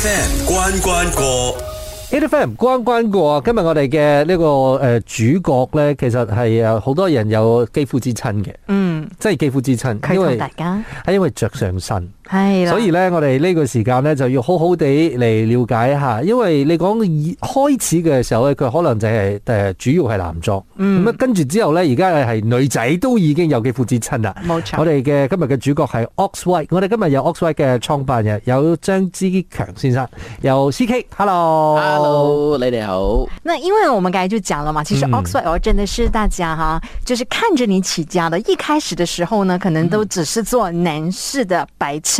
Fan 關關過，呢啲 Eighty Fan 關關過啊！今日我哋嘅呢個誒主角咧，其實係啊好多人有肌膚之親嘅，嗯，真係肌膚之親，因為大家係因為着上身。係，所以咧，我哋呢個時間咧就要好好地嚟了解一下，因爲你講開始嘅時候咧，佢可能就係誒主要係男裝，咁啊、嗯、跟住之後咧，而家係女仔都已經有幾父之親啦，冇錯差。我哋嘅今日嘅主角係 Oxwhite，我哋今日有 Oxwhite 嘅創辦人有張芝強先生，有 C K，Hello，Hello，Hello, 你哋好。那因爲我們剛才就講喇嘛，其實 Oxwhite 我真的是大家哈，就是看着你起家的，一開始的時候呢，可能都只是做男士的白襯